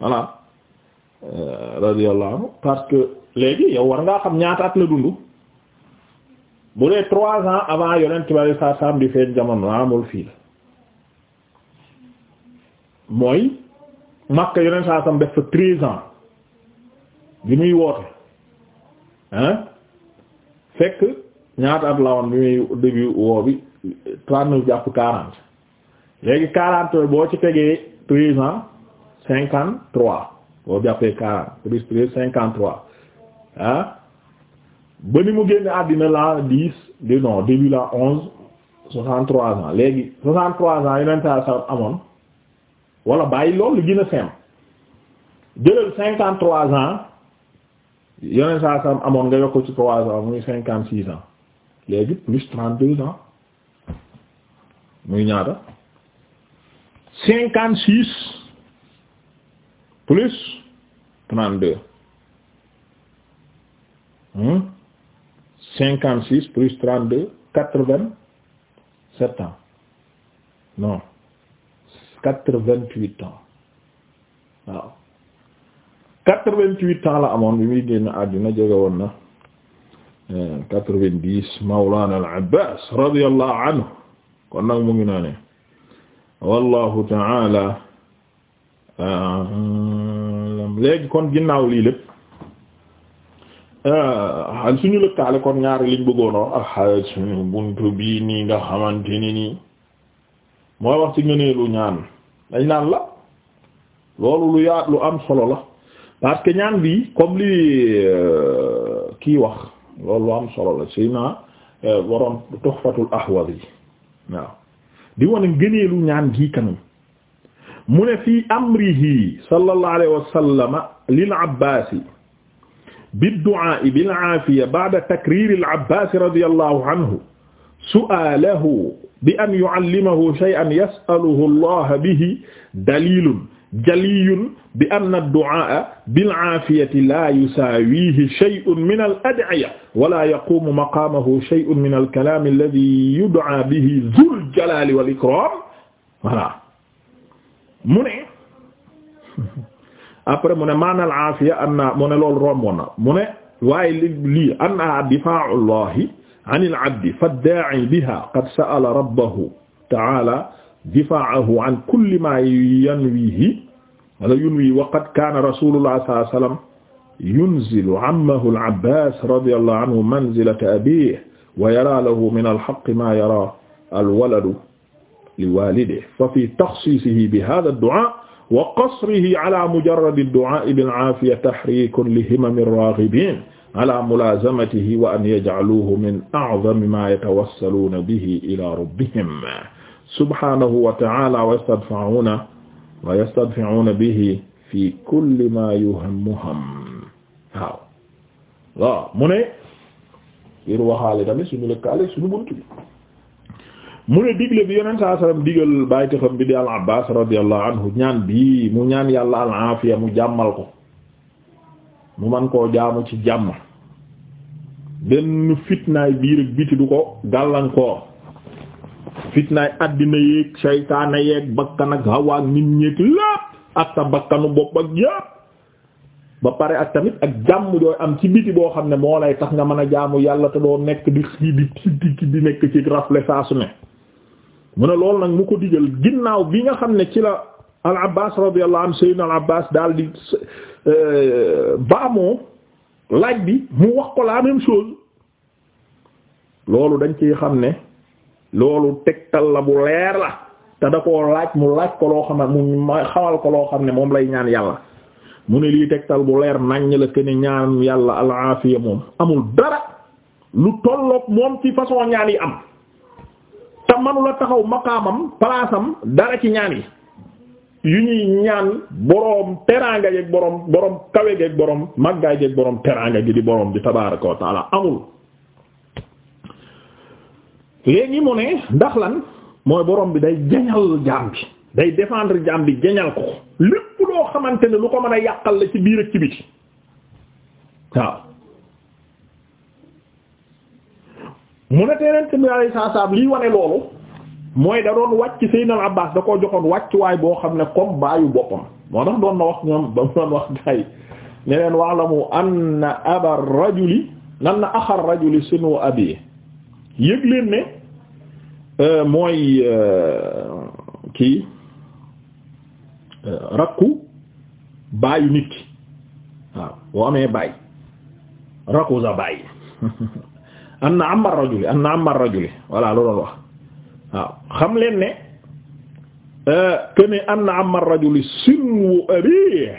voilà euh, radiyallahu parce que léegi yow war ngaa xam ñaata at la dund bu dee trois ans avant yonent bi saa saam di feeñ jamono amul fii mooy Makka yonent saa saam def fa treize ans bi muy woote hein fekk ñaata at la woon bi muy début woo bi trente-neuf jàpp quarante léegi quarante boo ci tegee treize ans cinquante trois boo jàppee quarante plus plus cinquante trois ah ba ni mu génn àddina la dix de non début la onze soixante trois ans léegi soixante trois ans yeneen saa sa amoon wala bàyyi loolu gën a simple jëlal cinquante trois ans yeneen saa sa amoon nga yokk ci trois ans muy cinquante six ans léegi plus trente deux ans muy ñaata cinquante six plus trente-deux hmm? cinquante-six plus trente-deux quatre-vingt-sept ans non quatre-vingt-huit ans quatre-vingt-huit ans la amoon bi muy génn àddina jege woon na eh, quatre-vingt-dix mawlana al-Abbas radiyallahu anhu kon nag mu ngi noone wallahu léegi kon ginnaaw lii lépp euh, suñu lëkkaale kon ñaari liñ bëggoonoo ak ah, suñu buntu bii nii nga xamante ni nii mooy wax ci ngëneelu ñaan dañ naan la loolu lu yaat lu am solo la parce que ñaan bi comme li euh, kii wax loolu lu am solo la si naa waroon euh, Tuhfatul Ahwadi waaw di wane ngëneelu ñaan gii kanam mu ne fii amrihi sallallahu alayhi wa sallama lil abbaasi biddu'aa'i bil aafiya ba'da takriiri al abbaasi radiyallahu anhu su'aalahu bi an yu'allimahu shay'an yas'aluhu allah bihi dalilun jaliyun bi anna ad-du'aa'a bil aafiyati laa yusaawiihi shay'un min al ad'iya wala yaquumu maqaamahu shay'un min al kalaam alladhii yud'aa bihi dhul jalaali wal ikraam voilà mu ne après mu ne maanaal aafiya anna mu ne loolu romboon na mu ne waaye li lii anna difaa'u llahi anil abdi faddaa'i biha qad sa'ala rabbahu ta'ala difaa'ahu an kulli ma yanwihi wala yunwi wa qad kaana rasulullah sallallahu alayhi wa sallam yunzilu ammahu al-Abbaas radiyallahu anhu manzilata abiihi wa yaraa lahu min al-haqqi ma yaraa al-waladu li walide fa fi taxsiisihi bi hada ad-du'a wa qasrihi ala mujarrad ad-du'a bil-'afiya tahrikun li himami ar-raghibin ala mulazamatihi wa an yaj'aluhu min a'zami ma yatawassaluna bihi ila rabbihim subhanahu wa ta'ala wa yastadfa'una wa yastadfi'una bihi fi kulli ma yuhammuhum waaw waaw mu ne ngir waxaale tamit suñu lëkkaale suñu buntu bi mu ne digle bi yonent saa sallam digal bàytixam bi di al abbas radiallahu anhu ñaan bii mu ñaan yàlla al aafiya mu jàmmal ko mu man koo jaamu ci jàmm benn fitnaay biir ak biti du ko gàllankoor fitnaay àddina yéeg saytaana yeeg bakkan ak hawaak nit ñéeg lépp ak sa bakkanu bopp ak yépp ba pare ak tamit ak jàmm jooy am ci biti boo xam ne moo lay tax nga mën a jaamu yàlla te doo nekk di di di di nekk ci rafle saa ne mu ne loolu nag mu ko digal ginnaaw bi nga xam ne ci la al abbas radiyallahu anhu sayyidina al abbas daal di euh, baamoo laaj bi mu wax ko la même chose loolu dañ ciy xam ne loolu tegtal la bu leer la te da laaj mu laaj ko loo xam ne mu xamal ko loo xam ne moom lay ñaan yàlla mu ne lii tegtal bu leer naññ la ke ne ñaan yàlla al aafiya moom amul dara lu tolloog moom ci façon ñaan yi am te manula taxaw maqaamam palaasam dara ci ñaan yi yu ñuy ñaan boroom teraanga yeeg boroom boroom kawe geeg boroom màggaay geeg boroom teraanga gi di boroom di tabaaraka wa taala amul léegi mu ne ndax lan mooy boroom bi day jañal jaam bi day défendre jaam bi jañal ko lépp loo xamante ne lu ko mën a yàqal la ci biir ak ci biti waaw mu ne teeneen tamit alayhi salaam liy wane loolu mooy da doon wàcc Seydina Abbas da koo joxoon wàcc waay boo xam ne comme baayu boppam moo tax doon na wax ñoom ba mu doon wax tay ne leen wa'lamu anna aba rajuli nan na axar rajuli sunu abi yëg leen ne euh, mooy euh, kii euh, rakku baayu nit ki waaw boo amee baay rakku sa baay anna amma rajuli anna amma rajuli voilà loolu wax waaw xam leen ne euh, que ne anna amma rajuli sinu abi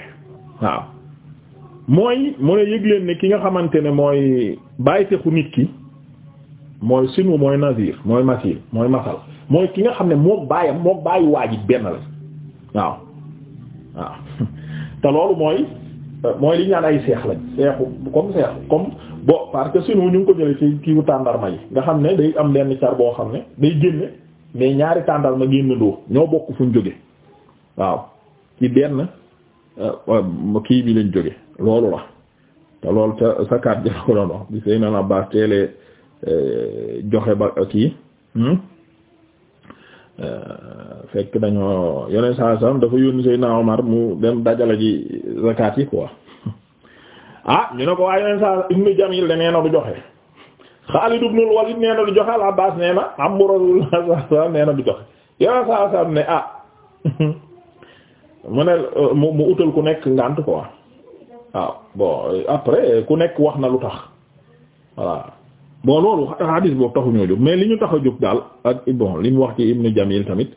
waaw mooy mu ne yëg ne ki nga xamante ne mooy bàyyitexu nit ki mooy sinu mooy nazir mooy masil mooy masal mooy ki nga xam ne moo bàyyam moo bàyyi waaji benn la waaw waaw te loolu mooy mooy li ñaan ay seex lañ seexu comme seex comme bon parce que sinon ñu ngi ko jëlee ci kiiwu tàndarma yi nga xam ne day am lenn car boo xam ne day génne mais ñaari tàndarma génnandoo ñoo bokk fu ñu jóge waaw ci benn euh, kii bi lañ jóge loolu la te loolu te sa kat jëla ko doon bi sëy na Abbaas euh, joxe ba hmm? euh, fekk dañoo yeneen dafa yónni Seydina mu dem dajale ji zakat yi quoi ah ñu ne ko waaye yeneen saa ibnu Jamil de nee na du joxe Xaalid ibnul Walid nee na du joxe al Abbaas nee na am Rasulullah sallallahu alayhi du joxe yeneen saa saa ne ah mu ne mu utal ku nekk ngànt quoi waaw bon après ku nekk wax na lu tax voilà bon loolu hadis boobu taxu ñoo jóg mais li ñu tax a jóg daal ak bon li mu wax ci ibnu Jamil tamit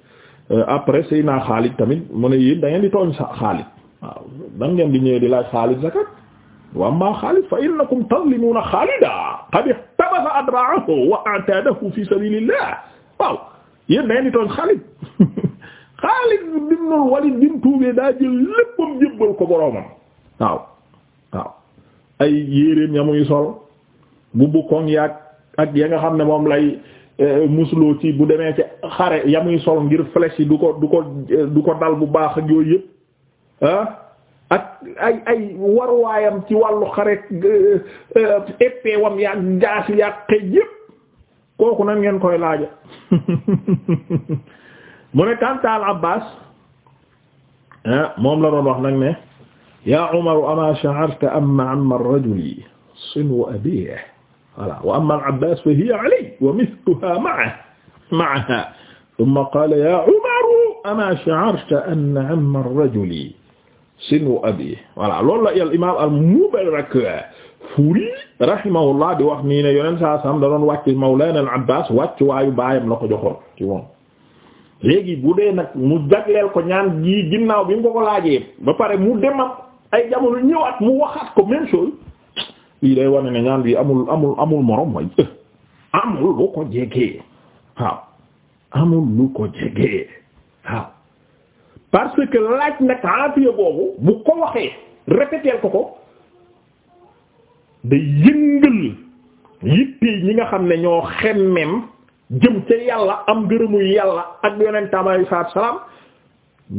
euh, après sëy naa Xaalid tamit mu ne yéen da di tooñ sa Xaalid waaw da ngeen di ñëwee di laaj Xaalid zakat wa amma Xaalid fa innakum tadlimuuna Xaalidan qad ihtabasa adraa'ahu wa a'taadahu fi sabiilillah waaw yéen nee nañu tooñ Xaalid Xaalid ibnul Waliid bi mu tuubee daa jël léppam jébbal ko boroomam waaw waaw ay yéreem ya sol bu bu yaag ak ya nga xam ne moom lay eh, musloo ci bu demee ci xare ya muy sol ngir flèche yi du ko du ko du ko dal bu baax ak yooyu yëpp ah. ak ay ay waruwaayam ci wàllu xare euh, euh, épée wam yaag jaasi yaag xëy yépp kooku nan ngeen koy laaja mu ne kantaal Abbaas ah, moom la doon wax nag ne yaa Umaru ama sha'arta amma amma ar-rajuli sinu abiihi voilà wa amma al-Abbaas fa hiya alayhi wa mithluhaa ma'ahu ma'ahaa thumma qaala yaa Umaru ama sha'arta anna amma ar-rajuli sinu abi voilà loolu la al imaam al Mubarak Furi rahimahullah di wax nii ne yoneen saa sam da doon wàcc Mawlana al Abbas wàcc waayu baayam la ko joxoon ci léegi bu dee nag mu jagleel ko ñaan gi ginnaaw bi mu ko ko laajee ba pare mu demat ay jamono ñëwaat mu waxaat ko même lii day wane ne ñaan bi amul amul amul morom way eh, amul lu ko jegee waaw amul lu ko jegee waaw parce que laaj nag aafiya boobu bu ko waxee répéteel ko ko day yëngal yittee ñi nga xam ne ñoo xemmem jëm ca yàlla am gërëmu yàlla ak yonentam alayhi salaam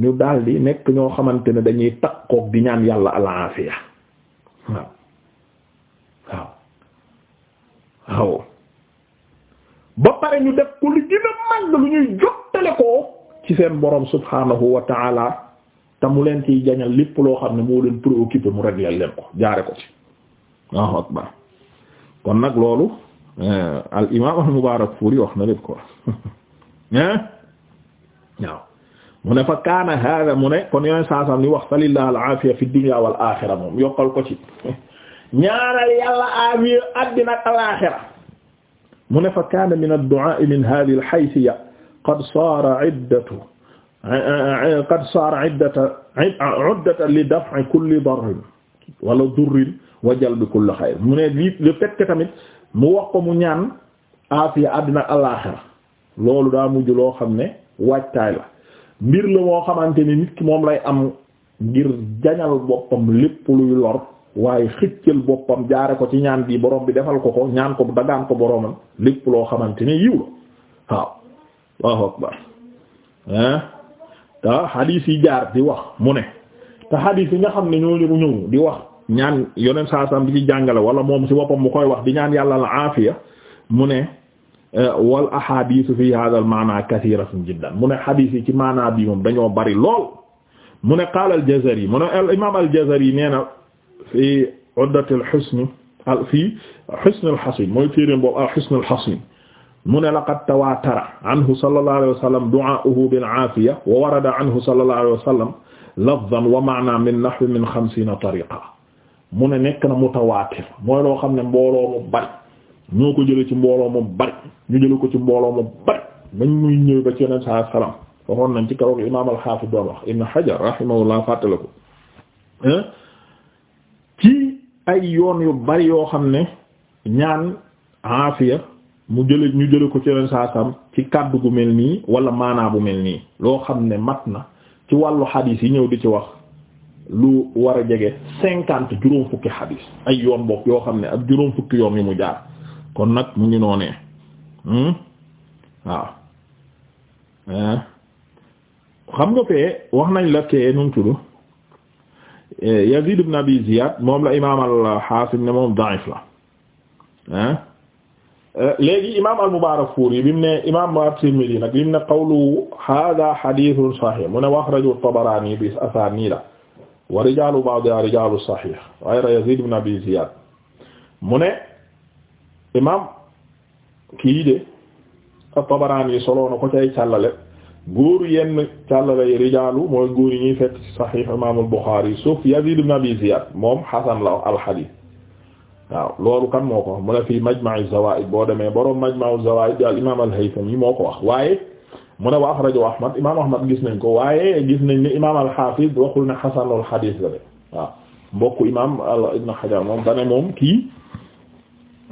ñu daldi nekk ñoo xamante ne dañuy takkook di ñaan yàlla al aafiya waaw waaw ba pare ñu def ko lu gën a lu ñuy jottale ko ci seen borom subhaanahu wa ta'ala te mu leen ciy jañal lépp loo xam ne moo leen préoccupé mu régler leen ko jaare ko ci Allahu akbar kon nag loolu eh, al imaam al Mubaarakfuuri wax na lépp ko hein eh? waaw mu ne fa kaana hada mu ne li aafiya fi dunya wal aaxira moom yokkal ko ci mu ne fa kaana min ad-du'aa min haadihi al qad saara iddatu qad saara iddata uddata li daf'i kulli darrin wala durrin wa jalbi kulli xayr mu ne lii le fait tamit mu wax ko mu ñaan aafiya àddina alaaxira loolu daa mujj loo xam ne waajtaay la mbir la moo xamante ni nit ki moom lay am ngir jañal boppam lépp luy lor waaye xëccal boppam jaare ko ci ñaan bii borom bi defal ko ko ñaan ko dagaan ko boromam lépp loo xamante ni yiw la waaw Allahu akbar ah te hadith yi jaar di wax mu ne te hadith yi nga xam ne ñoo ñëw ñëw di wax ñaan yoneen saa sam di ci jàngale wala moom ci boppam mu koy wax di ñaan yàlla la aafiya mu ne eh, wal ahadisu fi hada al maana kathiratun jiddan mu ne hadith yi ci maanaa bi moom dañoo bari lool mu ne qaala al jazari mu ne al imaam al jazari nee na fi uddat al husn al fi husn al hasin mooy téeréem boobu al husn al hasin mu ne laqad tawaatara anhu sallallahu alayhi wa sallam du'aa'uhu bil aafiya wa warada anhu sallallahu alayhi wa sallam lafzan wa ma'nan min nahwi min xamsiina tariqa mu ne nekk na mutawaatir mooy loo xam ne mbooloo mu bari ñoo ko jëlee ci mbooloo mu bari ñu jëlee ko ci mbooloo mu bari bañ muy ñëw ba ci yeneen saa salaam waxoon nañ ci karoog imaam al-Haafiz doon wax Ibn Hajar rahimahullah fàttale ko ci ay yoon yu bari yoo xam ne ñaan aafiya mu jële ñu jële ko ci ren saasam ci kàddu gu mel nii wala maanaa bu mel nii loo xam ne mat na ci wàllu xadiis yi ñëw di ci wax lu war a jege cinquante juróom fukki xadiis ay yoon bopp yoo xam ne ak juróom fukki yoon yi mu jaar kon nag mu ngi noonee hmm? waaw xam nga fee wax nañ la kee nu mu tudd eh, Yazid ibn Abi Ziyad moom la imaam al ne moom da'if la léegi imaam al-Mubarakfuri bi mu ne imaam at-Tirmidhi nag li mu ne qawlu haaza mu ne wax rajul Tabarani bi asaaniida wa rijaalu ba'dihaa rijaalu sahih ghayra Yaziid ibn Abi Ziyaad mu ne imaam de at-Tabarani solo na ko cay càllale góor yenn càllale yi rijaalu mooy góor yi ñuy fekk sahih imaam al-Bukhari Yaziid ibn Abi Ziyaad moom hasan la waaw loolu kan moo ko wax mu ne fii majma'u zawaid boo demee boroom majma'u zawaid al imam al-haythami moo ko wax waaye mu ne wa axrajahu ahmad imam ahmad gis nañ ko waaye gis nañ ne imam al-hafiz waxul ne xasanul xadiis la de waaw mbokk imam ibn hajar moom dane moom kii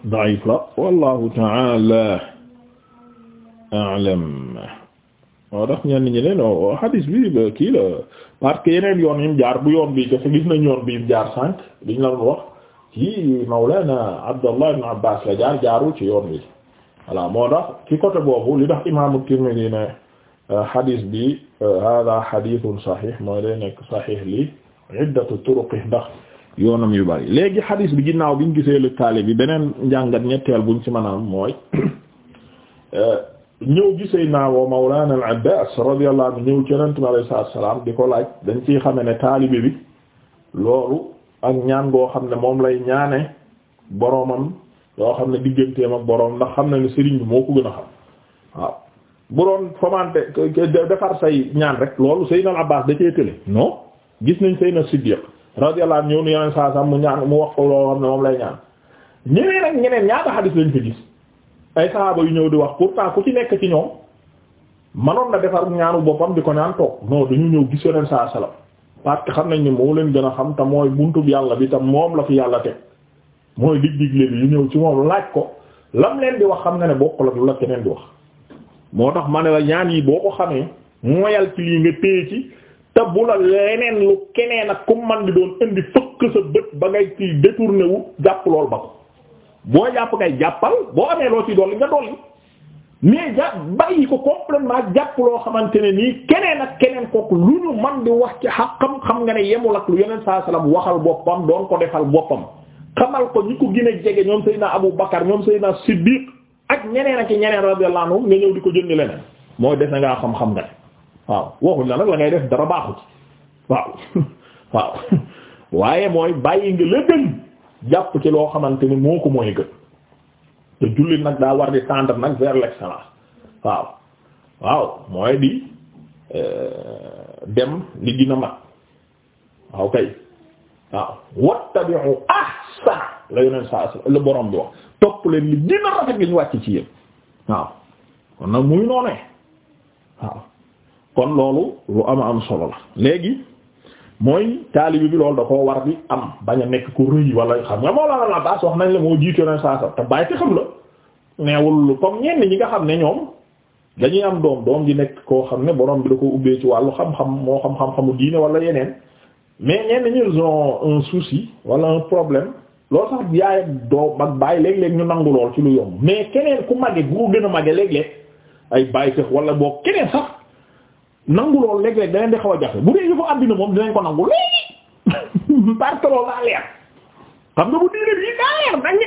da'if la wallahu ta'ala a'lam waaw daf ñenn ñi ne no hadis bi kii la parce yeneen yoon yim jaar bu yoon bi kese gis nañ yoon bi yim jaar sànq liñ la doon wax ci Mawlana Abdallah ibn Abbas la jaar jaarul ci yoon wi voilà moo ci côté boobu li tax imaamu Tirmidhi ne euh, hadith bi euh, hada hadithun sahih mooy day nekk sahih li iddatu turuqi ndax yoonam yu bari léegi hadith bi ginnaaw biñ gisee le taali bi beneen njàngat ñetteel buñ ci mën a am mooy euh, ñëw gisee naawoo Mawlana al-Abbas radiyallahu anhu ñëw ñu Yonent bi alayhi salaatu wa salaam di ko laaj dañ ciy xame ne taalibe bi loolu. ak ñaan goo xam ne moom lay ñaane boroomam yoo xam ne digganteem ak boroom ndax xam na ne sëriñ bi moo ko gën a xam waaw bu doon fomante defar say ñaan rek loolu Seydina Abbas da cee tële non gis nañ Seydina Siddiq radiyallahu anhu ñëw nu yeneen saa sax mu ñaan mu wax ko loo xam ne moom lay ñaan ñeneen ak ñeneen ñaata xadis lañ ko gis ay sahaaba yu ñëw di wax pourtant ku ci nekk ci ñoom manoon na defar ñaanu boppam di ko ñaan toog non dañu ñëw gis parce xam nañ ni moo leen gën a xam te mooy buntub yàlla bi tam moom la fi yàlla te mooy dig digle bi yu ñëw ci moom laaj ko lam leen di wax xam nga ne bokkul la lu la keneen di wax moo tax ma ne la ñaan yi boo ko xamee moyal ci lii nga téye ci te bu la leneen lu keneen ak ku man di doon indi fëkk sa bët ba ngay ci détourné wu jàpp lool ba ko boo jàpp ngay jàppal boo amee loo ci dolli nga dolli mais ja bàyyi ko ak jàpp loo xamante ne nii keneen ak keneen kooku lu ñu man di wax ci xaqam xam nga ne yemul ak lu yeneen saa salaam waxal boppam doon ko defal boppam xamal ko ñu ko gën a jege ñoom Seydina Abu Bakar ñoom Seydina Siddiq ak ñeneen ak ñeneen radiyallahu anhum nga ñëw di ko jëndi leneen mooy def na ngaa xam-xam nga waaw waxuñ la nag la ngay def dara baaxut waaw waaye mooy bàyyi nga la jàpp ci loo xamante ni moo ko mooy te jullit nag daa war di tendre nag vers l'excellence waaw waaw mooy di euh, dem li gën a mat waaw kay waaw wattabi'u ahsana la yoneen saa la borom bi wax topp leen li gën a rafet wàcc ci yéen waaw kon nag muy noonee waaw kon loolu lu ama am solo la léegi mooy taalibi bi loolu da koo war bi am bañ a nekk ku rëy wala xam nga moo la la baas wax nañ la moo jiitu na saa sa te bàyyi te xam la neewul comme ñenn ñi nga xam ne ñoom dañuy am doom doom gi nekk koo xam ne borom bi da ko ubbee ci wàllu xam moo xam-xam-xamu diine wala yeneen mais ñenn ñi ils wala un problème loolu sax yaay ak doom ak ñu nangu ci lu mais keneen ku màgge gën a màgge léeg ay bàyyi wala boo keneen sax. nangu loolu léeg-léeg di xaw a jafe bu dee yëfu àddina moom dinañ ko nangu léegi parce que loolu daa leer xam nga bu diine bi daa leer nañ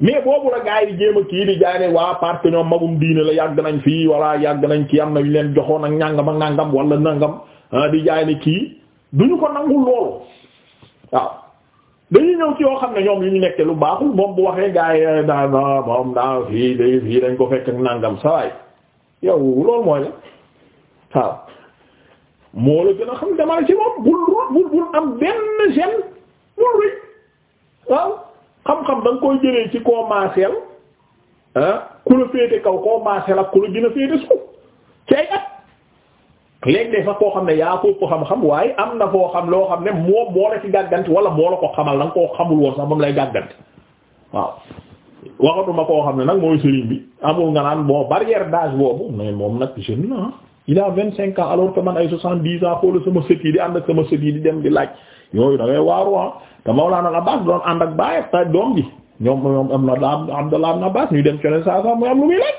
mais boobu la gaa yi jéem a kii di jaay ne waa parce ñoom magum diine la yàgg nañ fii walla yàgg nañ ki am na ñu leen joxoon ak ñàngam ak nàngam wala nàngam ah, di jaay ne kii duñu ko nangu loolu waaw dañuy ñëw ci yoo xam ne ñoom yu ñu nekkee lu baaxul moom bu waxee gaa yi daa ah, moom daa fii fii dañ ko fekk waaw moo la gën a xam demal ci moom bul bul bul am benn gene bul rëy waaw xam-xam da koy jëlee ci koo maaseel ah, ku la féete kaw koo maaseel ak ku la gën a féete suuf ci ay at léegi de sax koo xam ne yaa ko xam-xam waaye am na foo xam loo xam ne moom moo la ci gàgganti wala moo la ko xamal da nga koo xamul woon sax moom lay gàgganti waaw waxatuma koo xam ne nag mooy sëriñ bi amul nga naan bon barrière d'âge boobu mais moom nag jeune na il a vingt cinq ans alors que ay soixante dix ans xoolal sama sët yi di ànd ak sama sët yi di dem di laaj yooyu da ngay waaru ah te Mawlana Abbas doon ànd ak baay ta doom ji ñoom ñoom am na daa Abdallah ibn Abbas ñuy dem cone saa saa muy am lu muy laaj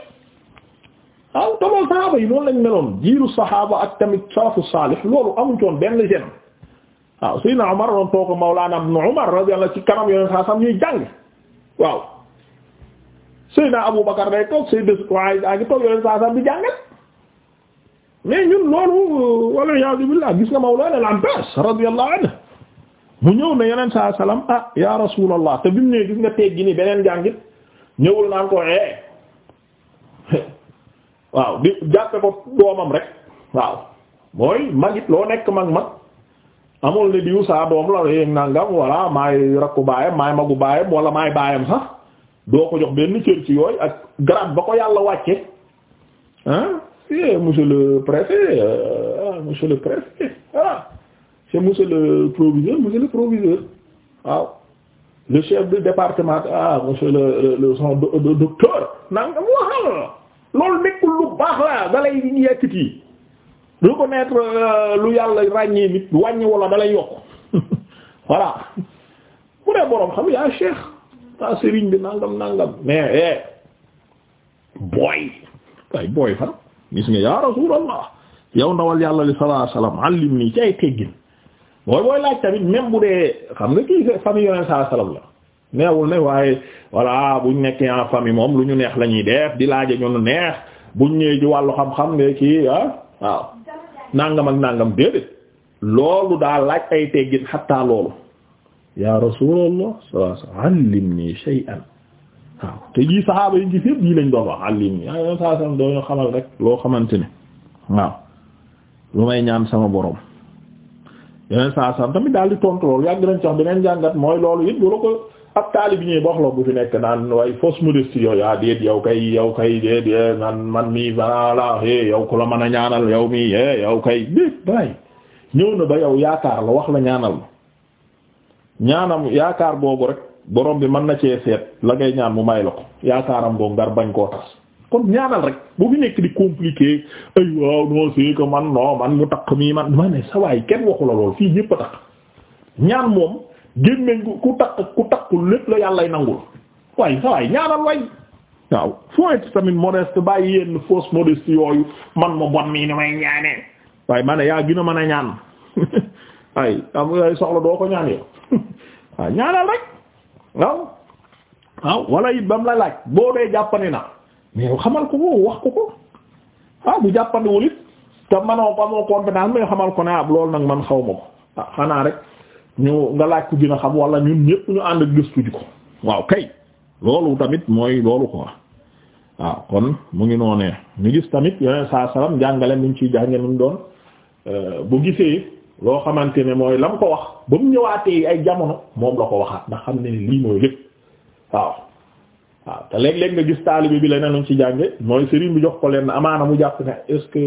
waaw tamool sahaaba yi noonu loolu amuñ toon benn gene waaw Seydina Umar doon toog Mawlana ibn Umar radiyallahu ci kanam yoneen saa sam ñuy jàng waaw Seydina Abu Bakar toog Sayyidatu Aisha a saa sam bi mais ñun loolu wala yaazu gis nga mawlana al-Abbas radiyallahu anhu mu ñëw ne yeneen saa salaam ah ya rasulallah te bi mu ne gis nga teggi ni beneen jàngit ñëwul naan ko eh waaw di jàppe ko doomam rek waaw mooy magit loo nekk mag mag amul ne diw saa doom la yéeg eh, nangam wala maay rakku baayam maay magu baayam wala maay baayam sax doo ko jox benn cër ci yooyu ak garab ba ko yàlla wàcce ah eh monsieur le préfet euh, ah, monsieur le préfet ah c'est monsieur le proviseur monsieur le proviseur waaw le chef de département ah monsieur le le son docteur nanga mu waxal loolu nekkul lu baax la dalay yàkkit yi reconnaître euh, lu yàlla ràññee nit wàññi wala dalay yokk voilà mu ne boroom xam yaa cheikh ta sëriñ bi nangam nangam mais eh booy waaye booy gis nga ya rasulallah yow ndawal yàlla li sallallahu alayhi wasallam allim nii ci ay teggin mooy booy laaj tamit même bu dee xam nga kii famille yoneen sallallahu alayhi wasallam la moom lu ñu neex la ñuy def di laaja ñu neex bu ñëwee ci wàllu xam-xam ne kii ah waaw nangam ak nangam déedéet loolu daa laaj ay teggin xatta loolu ya rasulallah sallallahu alayhi nii shay'an te yii saxaaba yi gis yëpp yii lañ doon wax àllim yi yoon saa sallam doo ñu xamal rek loo xamante ne waaw lu may ñaan sama boroom yeneen saa sallam tamit daal di tontu loolu yàgg nañ ci beneen jàngat mooy loolu it bu la ko ab taali bi ñuy wax la bu fi nekk naan waaye fausse modestie yooyu ah déet yow kay yow kay déet eh, man man mii voilà eh yow ku la mën a ñaanal yow mii eh yow kay déet bàyyi ñëw na ba yow yaakaar la wax la ñaanal ñaanam yaakaar boobu rek. borom bi man na cee seet la ngay ñaan mu may la ko yaakaaram boo ngar bañ koo tas kon ñaanal rek bu fi nekk di compliqué ay waaw non c'est que man non man mu takk mii man ma ne sa waay kenn waxu la lool fii ñépp a takk ñaan moom gémmeñ ku takk ku takkul lépp la yàllay nangul waaye sa waay ñaanal waay waaw faut être tamit modeste bàyyi yenn fausse modeste yooyu man ma bon mii ni may ñaanee ma ne yaa gina mën a ñaan ay am soxla doo ko ñaan yow waaw ñaanal rek waaw waaw wala it ba mu la laaj boo dee jàppandi na xamal ko ko wax ko ko ah bu jàppandiwul it te manoo ba moo compétence xamal ko ne ah loolu nag man xaw ma ko ah xanaa rek ñu nga laaj ku gën xam wala ñu ñëpp ñu ànd gëstu ji ko waaw kay loolu tamit mooy loolu quoi waaw kon mu ngi noonee ñu gis tamit yeneen saa salaam jàngale ñu ciy jàngale ñu doon euh, bu gisee. loo xamante ne mooy la mu ko wax ba mu ñëwaatee ay jamono moom la ko waxaat ndax xam ne ni lii mooy lépp waaw waaw te léeg-léeg nga gis taalibe bi leneen luñ ci jànge mooy sëriñ bi jox ko leen mu jàpp ne est-ce que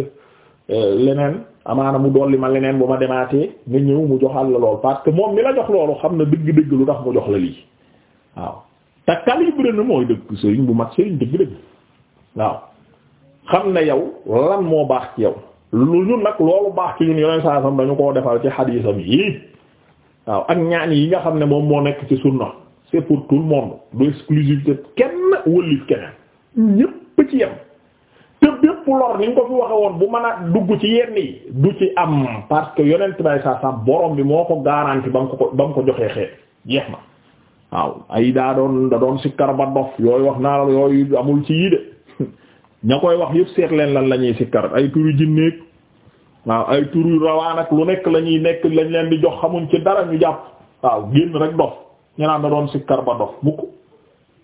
euh, leneen amaana ma leneen bu ma demaatee nga ñëw mu joxal la lool parce que moom mi la jox loolu xam na dëgg-dëgg lu tax mu jox la lii waaw te calibré na mooy dëgg sëriñ bu mag sëriñ dëgg-dëgg waaw xam na yow lan moo baax ci yow lu ñun nag loolu baax ci ñun yoneen saa sam dañu koo defal ci xadiisam yi waaw ak ñaan yi nga xam ne moom moo nekk ci sunna c'est pour tout monde du exclusivité kenn wëllif keneen ñépp ci yem te bépp lor ni ko fi waxe woon bu mën a dugg ci yenn yi du ci am parce que yonent bay saa sam borom bi moo ko garanti ba mu ko ba mu ko joxee xeet jeex na waaw ay daa doon da doon sikkar ba dof yooyu wax naa la yooyu amul ci yii de ña koy wax yëpp seet leen lan la ñuy sikkar ay turu jinneeg waaw ay turu rawaan ak lu nekk lañuy nekk lañ leen di jox xamuñ ci dara ñu jàpp waaw génn rek dof ñu naan da doon sikkar ba dof mukk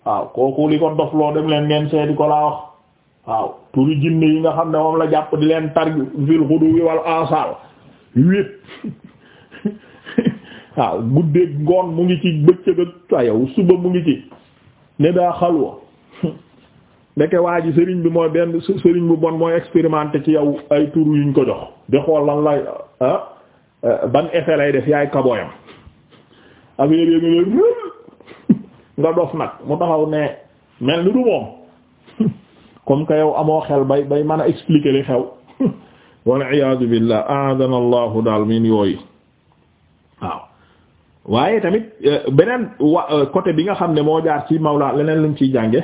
waaw kooku li ko dof loo dem leen ngeen seeti ko laa wax waaw turu jinne yi nga xam ne moom la jàpp di leen tar fil xudu wi wal asal wéet waaw guddeeg ngoon mu ngi ci bëccëg ak suba mu ngi ci ne daa xalwa ndeke waa ji sëriñ bi mooy benn sëriñ bu bon mooy expérimenté ci yow ay tur yuñ ko jox di xool lan lay ah, ah, ban effet lay def yaay kaboyam affaire yi nga nga dof nag mu taxaw ne mel ni du moom comme que yow amoo xel bay bay mën a expliquer li xew wal iyaadu billah aadana allahu daal min yooyu waaw waaye tamit eh, beneen wa eh, côté bi nga xam ne moo jaar ci mawla leneen luñ ciy jànge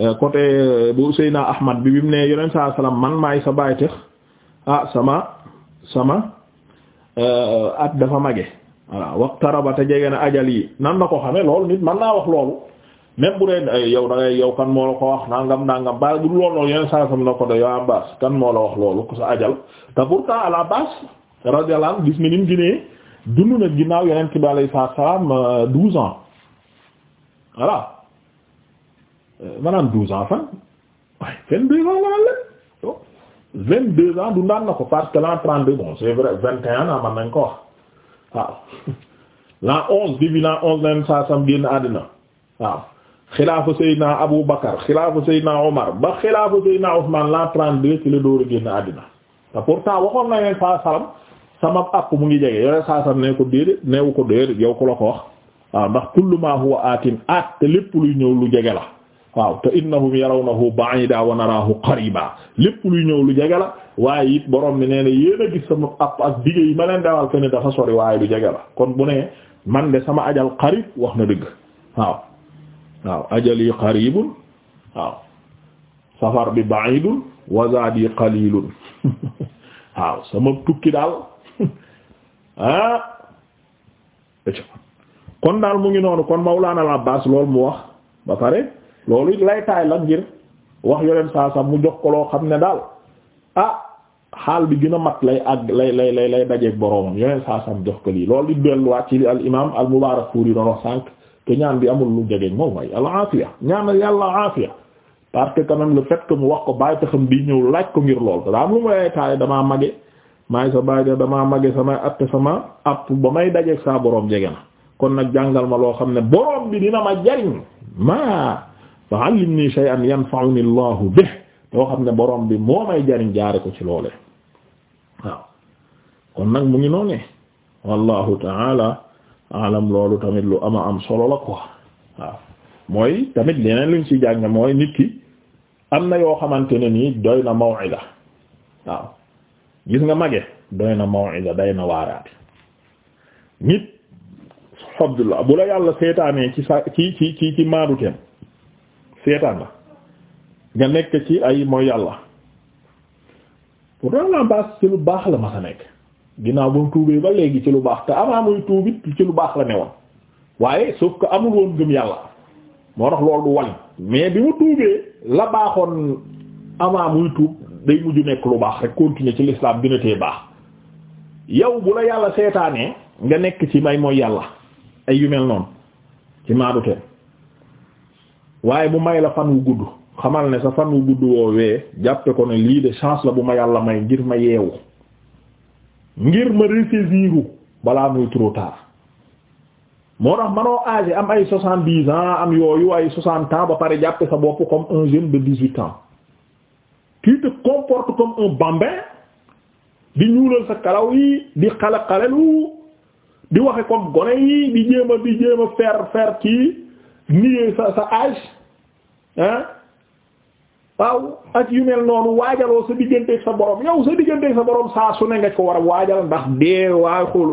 Euh, côté euh, bu Seyna Ahmad bi bi mu ne yonent saa salaam man maay sa baay tëx ah sama sama euh, at dafa mage voilà waqtaraba te jege na ajal yi nan na ko xame loolu nit man naa wax loolu même bu dee yow da ngay kan moo la ko wax nangam nangam ba bu loolu yeneen saa sam na ko de yow baas kan moo la wax loolu ko sa ajal te pourtant à la base radiyallahu gis nga ni mu gënee dund ginnaaw yeneen bi alayhi salaam douze ans voilà Euh, maanaam douze ans fan waaye vingt deux ans la la na ko parce que l'an trente deux bon c'est vrai vingt ans man nañ ko wax waaw l'an onze début l'an onze leen saa génn àddina waaw xilaafa Seydina Abu Bakar xilaafa Seydina Omar ba xilaafa Seydina Ousmane l'an trente deux ci la door a génn àddina te pourtant waxoon na leen saa salam sama app mu ngi jege yore saa sam ko déedéet neewu ko déedéet yow ku la ko wax waaw ndax kullu huwa atin at waaw te innahum yarawnahu ba'ida wa naraahu qariba lépp luy ñëw lu jege la waaye it borom bi nee na a gis sama app ak dige yi ma leen dawal ke ne dafa sori waaye lu jege la kon bu ne man de sama ajal qarib wax na dëgg waaw waaw ajali qaribun waaw safar bi ba'idun wa waaw sama tukki daal ah kon daal mu ngi noonu kon Mawlana al Abbas loolu mu wax ba pare loolu it laytaay la ngir wax yoleen saa sa mu jox ko loo xam ne daal ah xaal bi gën a mat lay àgg lay lay lay lay dajeeg boroomam yoleen saa sa jox ko lii loolu di delluwaat ci li al imam al Mubarakfuri doon wax sànq te ñaan bi amul lu jegeeñ moom way al aafiya ñaanal yàlla aafiya parce que quand même le fait mu wax ko bàyyi taxam bi ñëw laaj ko ngir lool daa am lu mu laytaay damaa mage maay sa bàyyi da damaa mage sama atte sama app ba may dajeeg sa boroom jege na kon nag jàngal ma loo xam ne boroom bi fa'allimni shay'an yanfa'uni Allahu bihi yoo xam ne borom bi moo may jariñ jaare ko ci loole waaw kon nag mu ngi noone wallahu ta'ala alam loolu tamit lu ama am solo la quoi waaw mooy tamit leneen luñ ci jàng mooy nit ki am na yoo xamante ne nii doy na maw'ida waaw gis nga mage doy na maw'ida day na waaraate nit alhamdulillah bu la yàlla seetaanee ci sa ci ci ci ci seetaan la nga nekk ci ay mooy yàlla pourtant la base ci lu baax la ma sa nekk ginnaaw ba mu tuubee ba léegi ci lu baax te avant muy tuubit ci lu baax la ne woon waaye sauf que amul woon gëm yàlla moo tax loolu du mais bi mu tuubee la baaxoon avant muy tuub day mujj nekk lu baax rek continuer ci l'islam dina baax yow bu la yàlla seetaanee nga nekk ci may mooy yàlla ay yu noonu ci maadu teen waaye bu may la fan wu gudd xamal ne sa fan wu gudd woowee jàppe ko ne lii de chance la bu ma yàlla may ngir ma yeewu ngir ma ressaisiru balaa muy trop tard moo tax manoo âgé am ay soixante dix ans am yooyu ay soixante ans ba pare jàppe sa bopp comme un jeune de dix huit ans tu te comme un bambin di ñuulal sa kalaw yi di xale xalelu di waxe comme gone yi di jéem di jéem a faire faire niee sa sa âge waaw ak yu mel noonu waajaloo sa digganteeg sa borom yow sa digganteeg sa borom saa su ne nga ko war a waajal ndax dee waa xool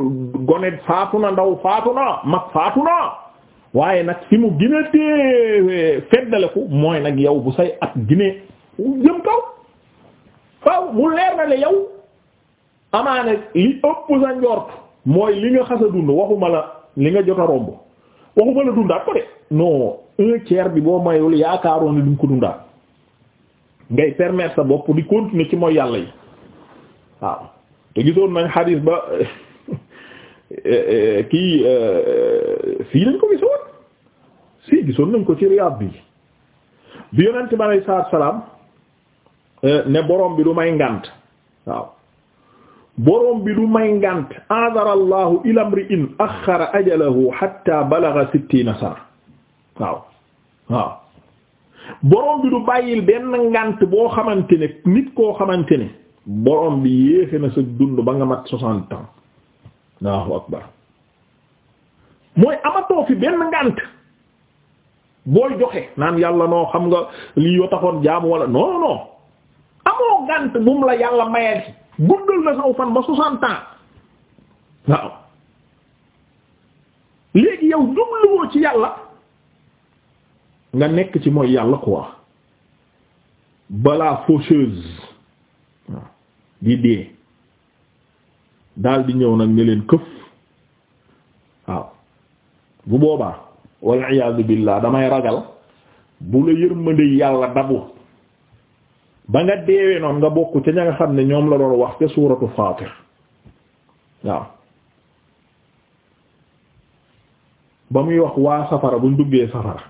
gone faatu na ndaw faatu na mag faatu na waaye nag fi mu gën a feddaleku mooy nag yow bu say at ginee jëm kaw waaw mu leer na le yow amaane li ëpp sa njort mooy li nga xas dund waxuma la li nga jot a romb waxuma la dundaat ko de non un bi boo mayul yaakaaroon ne duñ ko dundaat ngay permettre sa bopp di continuer ci mooy yàlla yi waaw te gisoon nañ xadiis ba kii euh, fii lañ ko gisoon si gisoon nañ ko ci Riyaad bi bi yonent bi alayhi salaam euh, ne borom bi du may waaw borom bi du may ngant adara allahu ila mri'in axara ajalahu hatta balagha sittina sana waaw waaw borom bi du bàyyil benn ngant boo xamante nit koo xamante ne borom bi yéexe na sa dund ba nga mat soixante ans allahu akbar mooy amatoo fi benn ngant booy joxe naan yàlla noo xam nga lii yoo taxoon jaamu wala non amoo ngant bu mu la yàlla mayati guddal na saw fan ba soixante ans waaw léegi yow jubluwoo ci yàlla nga nekk ci mooy yàlla quoi balaa faucheuse waaw di dee daal di ñëw nag ne leen këf waaw bu boobaa wal iyaadu billaah damay ragal bu la yërmande yàlla dabu ba nga deewee noonu nga bokk ca ña nga xam ne ñoom la doon wax ca suuratu Faatir waaw ba muy wax waa safara buñ duggee safara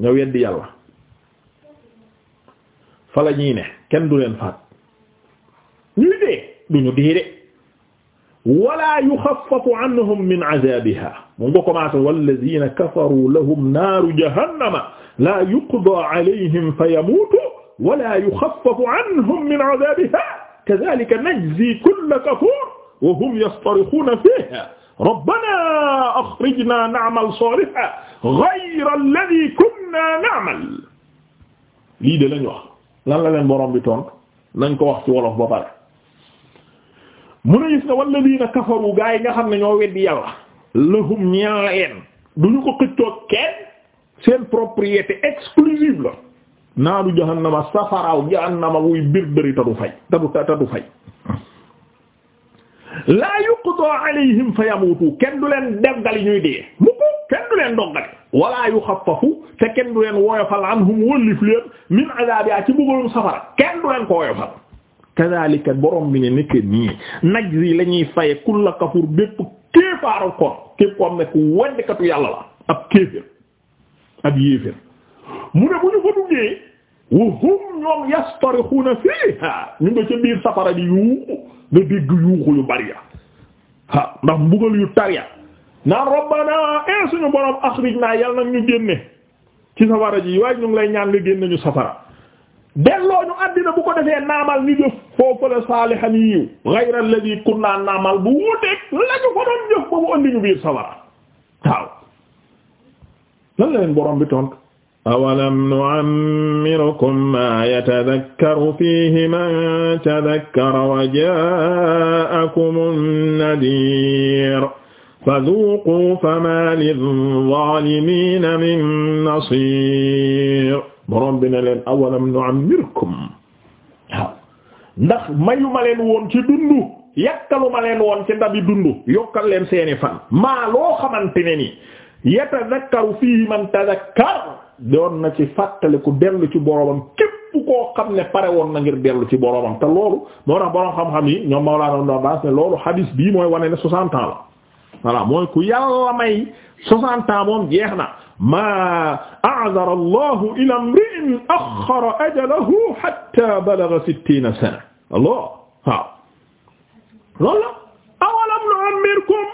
ña weddi yàlla fa la kenn du leen faat ñuy dee duñu dee de wala yuxaffafu anhum min azabiha mu ngi ko commencé kafaru lahum naaru jahannama la yuqda alayhim fa yamuutu wala yuxaffafu anhum min adaabiha kazaalika najzii kulla kafuur wa hum yastarixuuna fiihaa rabbanaa axrijnaa na'mal saalihan gayra allazii kunnaa na'mal lii de lañ wax lan la leen borom bi tontu nañ ko wax ci wolof ba pare mu ne gis nga walladiina kafaru gaa yi nga xam ne ñoo weddi yàlla lahum ñeel leen duñu ko xëccoo kenn seen propriété exclusive la naaru jahannama safaraaw jahannama wuy bir dëri ta du fay ta du ta du fay laa yuqda alayhim fa yamutu kenn du leen deggali ñuy dee mu ko kenn du leen doggali wala yuxaffafu te kenn du leen woyofal anhum wëllif leen min adaabiha ci mbugalum safara kenn du leen ko woyofal kadhalika borom bi ne nekk nii najzi la ñuy faye kulla kafur bépp kéefaaru kon képp ko am ne ku yàlla la ab kéeféer ab yéeféer mu ne bu ñu fa duggee wa hum ñoom yastarixuuna fiiha ñu nga ca biir safara bi yuuxu nga dégg yuuxu yu bari ya ha ndax mbugal yu tar ya naan rabbana ee eh, suñu borom axrijnaa yal nag ñu génne ci safara ji waaye ñu ngi lay ñaan nga génne ñu safara delloo ñu àddina bu ko defee naamal ñu jëf foofu la saalihan yiw ghayra alladhi kunna naamal bu wuteek lañu ko doon jëf ba mu andi ñu biir safara waaw lan la leen borom bi tontu awalam nu'ammirkum ma yatadakkaru fihi man tadakkara wa jaa'akumun nadiir fazuuquu famaa lizzaalimiina min nasiir borom bi ne leen awalam nu'ammirkum waaw ndax mayu ma leen woon ci dundu yàkkalu ma leen woon ci ndabi dundu yokkal leen seeni fan maa loo xamante ne ni yatadakkaru fihi man tadakkara doon na ci fàttali ku dellu ci boromam képp koo xam ne pare woon na ngir dellu ci boromam te loolu moo tax xam-xam yi ñoom Mawlaana Ibn Abbaas ne loolu hadis bii mooy wane ne 60 ans voilà mooy ku yàlla may 60 ans moom na maa a'dara Allahu ila imri'in akhkhara ajalahu hatta balagha 60 sana Allah waaw loolu la awalam nu'ammirkum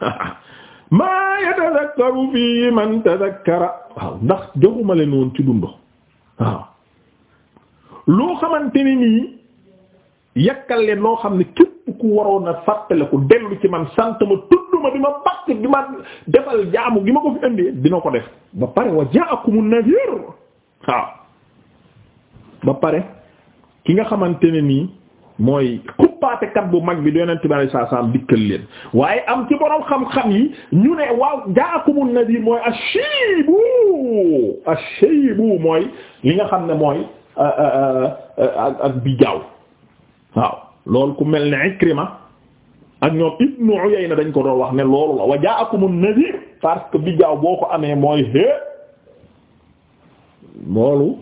maa yatazakkaru fii man tazakkara waaw ndax joxuma leen woon ci dund waaw loo xamante ni nii yàkkal leen loo xam ne képp ku waroon a fàttaliku dellu ci man sant ma tudd ma di ma bàkk di ma defal jaamu gi ma ko fi indee dina ko def ba pare wa ja'akumun nadhir waaw ba pare ki nga xamante ne nii mooy xuppaatekat bu mag bi yonent bi alayhi salaam dikkal leen waaye am ci borom xam-xam yi ñu ne waaw jaakumun nadir mooy ashibu ashibu mooy li nga xam ne mooy euh, euh, euh, ak ak bijaaw waaw loolu ku mel ni Ikrima ak ñoom Ibnu Uyayna dañ ko doon wax ne loolu la wa jaakumun nadir parce que bijaaw boo ko amee mooy hé loolu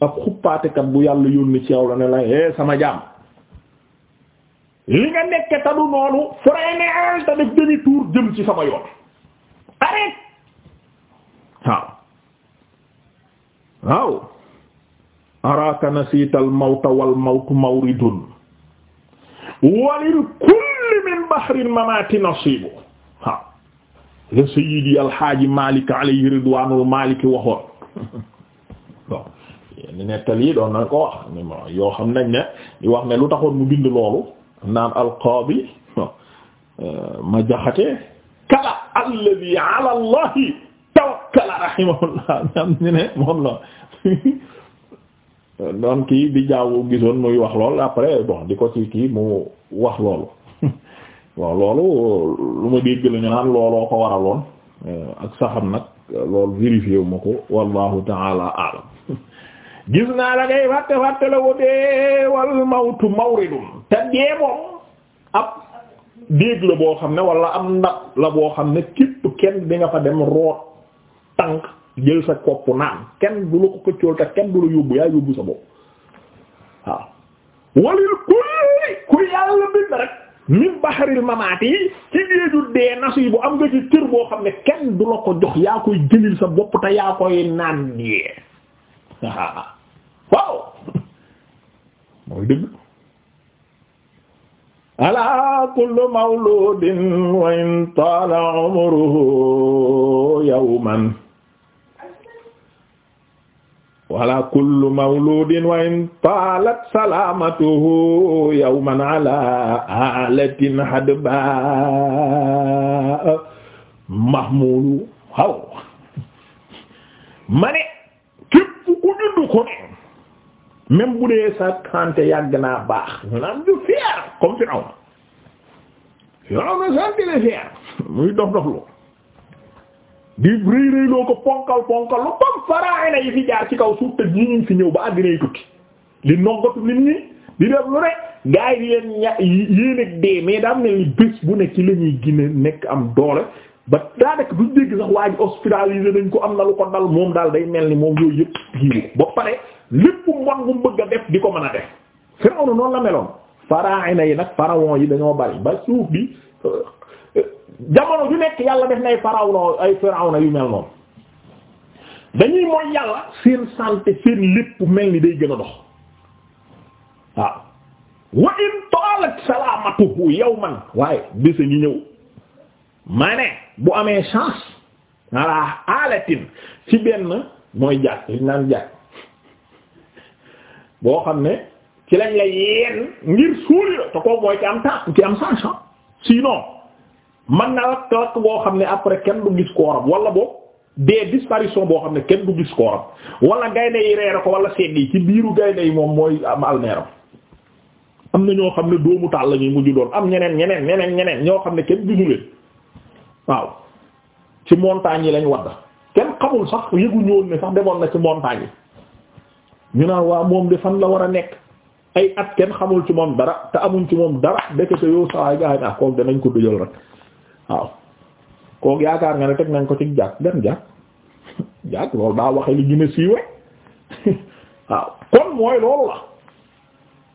ak xuppaatekat bu yàlla yónni ci yow la ne la hé sama jaam li nga nekk tadu noonu freineel te def demi tour jëm ci sama yoon arrête waaw waaw araaka nasiita al mawta mawridun walil kulli min bahrin mamaati nasiibu waaw le sayyidi alxaaji malik alayhi ridwaanul maliki waxoon wax yoo xam nañ ne di wax ne lu taxoon mu bind loolu naan alqaadi euh, ma jaxate kala alladi ala allahi tawakkala rahimahullah am ñu ne moom la doon kii bi jaawoo gisoon muy wax lool après bon di ko ci kii mu wax loolu waaw loolu lu ma dégg la ñu naan looloo ko waraloon euh, ak saxam nag lool vérifié wu ma ko wallahu taala alam gis naa la ngay fàtte fàtte la ko dee wal mawtu mawridun te dee moom ab déeg la boo xam ne wala am ndab la boo xam ne képp kenn bi nga fa dem root tànk jël sa kopp naan kenn du la ko këccool te kenn du la yóbbu yaa yóbbu sa ku yàlla bind rek min baharil mamaati ci géeju dee nasu yi bu am nga ci cër boo xam ne kenn du la ko jox yaa koy jëlil sa bopp te yaa koy naan dee waaw mooy dëgg alaa kullu mawludin wa in taala umruhu yawman wala kullu mawludin wa in taalat salamatuhu yawman ala alatin hadba mahmulu haw mane ku ne bu dee sa santé yàgg naa baax ñu naan du fier comme fi na yow na santé la fier muy dox dox lu di rëy rëy loo ko ponkal ponkal lu comme faraay na yi fi jaar ci kaw suuf te ñi ñu fi ñëw ba àddina yi tukki li noggatu nit ñi di def lu ne gars yi di leen ña dee mais daa am ne bés bu nekk ci la ñuy gën nekk am doole ba daanaka duñ dégg sax waa ji hospitalisé nañ ko am na lu ko dal moom daal day mel ni moom yooyu yëpp yiiwu ba pare lépp mbon bu mu bëgg a def di ko mën a def Firawna noonu la meloon pharaon yi nag pharaon yi dañoo bari ba suuf bi euh, jamono ju nekk yàlla def na ay pharaon ay Firawna yu mel noonu dañuy mooy yàlla seen santé seen lépp mel ni day gën a dox waaw wa in taalat salamatuhu yawman waaye bés a ngi ñëw ma bu amee chance voilà alatin ci benn mooy jàkk li naan jàkk boo xam ne ci lañ la yeen ngir suuli la te ko mooy ci am temps ci am chance ah sinon man na lakk lakk boo xam ne après kenn du gis kooram wala boobu des disparition boo xam ne kenn du gis kooram wala gaynde yi reere ko wala segg yi ci biiru gaynde yi moom mooy am almeeram am na ñoo xam ne doomu taal la ñuy mujju doon am ñeneen ñeneen ñeneen ñeneen ñoo xam ne kenn gisuleen waaw ci montagne yi lañ wax kenn xamul sax yëgu ñëwoon ne sax demoon na ci montagne yi ñu naan waa moom de fan la war a nekk ay at kenn xamul ci moom dara te amuñ ci moom dara dëkk yow sawaay gaa yi naa kook danañ ko dëjal rek waaw kook yaakaar nga ne teg nañ ko ci jàkk gan jàkk jàkk loolu daa waxe li gën a siiwe waaw kon mooy loolu la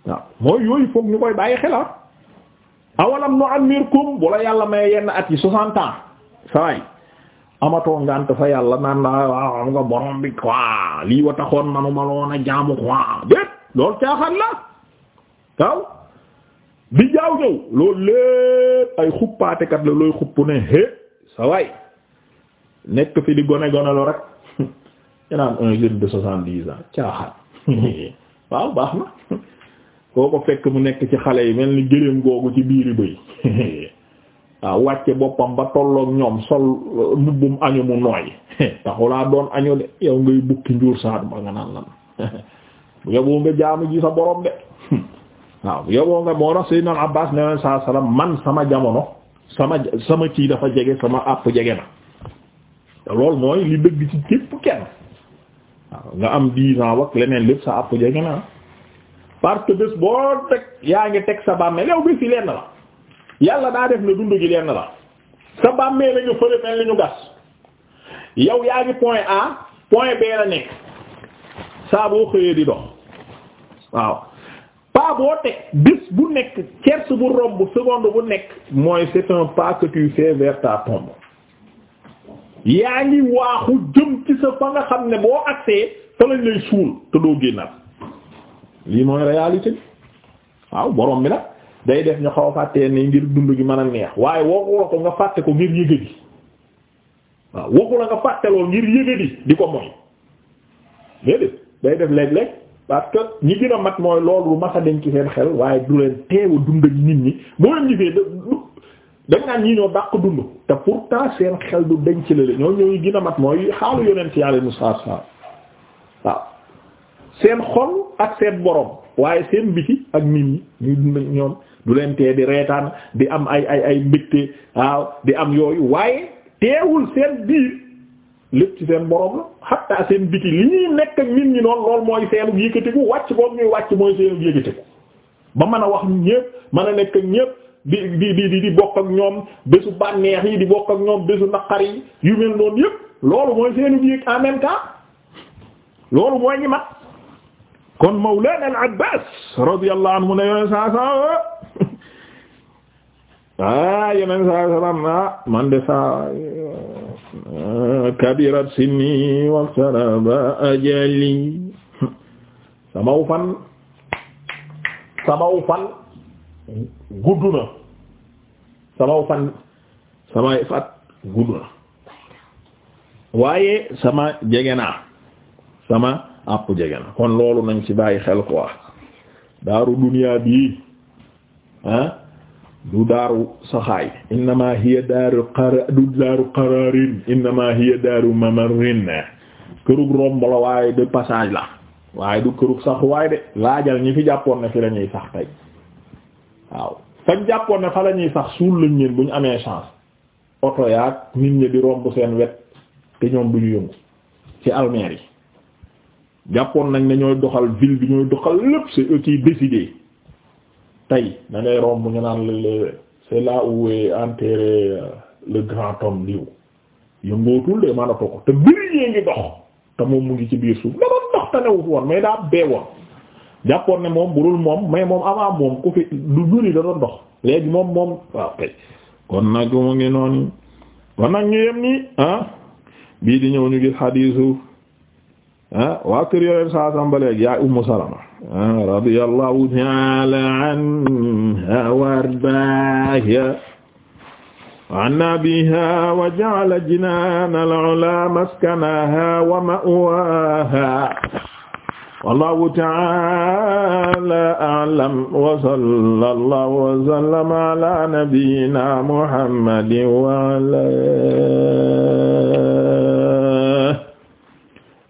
waaw mooy yooyu foog ñu koy bàyyi xelaa ah. awalam nu'ammirkum bu la yàlla may yenn at yi soixante ans saway amatoo ngànt fa yàlla naan la waaw am nga borom bi quoi lii wa taxoon manuma loon a jaamu quoi déet loolu caaxaan la waaw bi jaaw ñëw loolu lépp ay xuppaatekat la looy xupp ne é saway nekk fi di gone gone lo rek ñu un jeune de soixante-dix ans caaxaan waaw baax na foo ko fekk mu nekk ci xale yi mel ni gëléem googu ci biiri bëy waaw wàcce boppam ba tolloog ñoom sol mbubbum añu mu nooy taxulaa doon añu de yow ngay bukki njuur saat ba nga naan lan waaw bu yoboo nga moo tax man sama jamono sama sama kii dafa jege sama àpp jege na te loolu mooy li dëgg ci képp kenn waaw nga am dix ans wak lépp sa àpp jege na parce que bés boo teg yaa ngi teg sa bàmmeel yow bés yi lenn la yàlla daa def na dund gi lenn la sa bàmmeel la fële mel ni ñu gas yow yaa ngi point A point B la nekk saa boo xëyee di dox waaw pas boo teg bés bu nekk tierce bu romb seconde bu nekk mooy c'est un pas que tu fais vers ta yaa ngi waaxu jëm ci sa fa nga xam ne boo agsee fa lañ suul te doo génnaat. lii mooy réalité bi waaw borom bi nag day def ñu xaw a fàttee ni ngir dund gi mën a neex waaye waxu la ko nga fàtte ko ngir yëga di waaw waxu la nga fàtte lool ngir yëga di di ko mooy déedéet day def léeg-léeg parce ñi gën a mat mooy loolu lu mas a denc seen xel waaye du leen teewu dund ak nit ñi moo leen ñu fee dañ naan ñoo dàq dund te pourtant seen xel du denc la ñoo ñooy gën a mat mooy xaalu yonent ci yàlla mu saar saar waaw seen xol ak seen borom waaye seen biti ak nit ñi ñoom du leen tee di reetaan di am ay ay ay mbégte waaw di am yooyu waaye teewul seen biir lépp ci seen borom la xatta seen biti li ñuy nekk ak nit wàcc boobu wàcc mooy seenu yëkkatiku ba mën a wax ñépp a nekk ak ñépp di di di ak ñoom bésu bànneex yi di bokk ak ñoom bésu naqar yi yu mel noonu mooy seenu yëg en même temps loolu mooy ñi mat kon mawlana al-Abbaas radiyallahu anhu ne yoneen saa saa ah yoneen saa salaam ah man de saa ah, kabirat sinni waqtaraba ajali samaw fan samaw fan gudd na samaw fan samay fat gudd na waaye sama jege naa sama àpp jege na kon loolu nañ ci bàyyi xel quoi daaru duniyaa bii ah du daaru saxaay innama hiya daaru qara du daaru qararin innama hiya daaru mamarin kërug romb la waaye de passage la waaye du kërug sax waaye de laajal ñi fi jàppoon na fi la sax tey waaw fañ jàppoon ne fa la ñuy sax suul lañ leen bu ñu amee chance oto yaag nit ñi di romb seen wet te ñoom du ñu yëngu ci almeer yi jàppoon nañ ne ñooy doxal ville bi ñooy doxal lépp c'est eux qui décident tey romb ñu naan le c'est là où est enterré euh, le grand homme liw yëngootul de maanaam ko te mbir yee ngi dox te moom mu ngi ci biir suuf da doon dox te newut woon mais daa bee woon jàppoon ne moom bu dul moom mais moom avant moom ku fi du duri da doon dox léegi moom moom waaw kay kon nag mu ngi noonu kon nag ñu yem nii ah bii di ñëw ñu gis xadiisu Ah waa kër yoneen saa sam ba léegi yaay ummu salama ah, radiyallahu ta'ala anha wa ardaaha an abiha wa ja'ala jinaana al-'ulaa maskanaha wa ma'waaha wallahu ta'ala a'lam wa sallallahu wa sallama ala nabiyyina muhammadin wa ala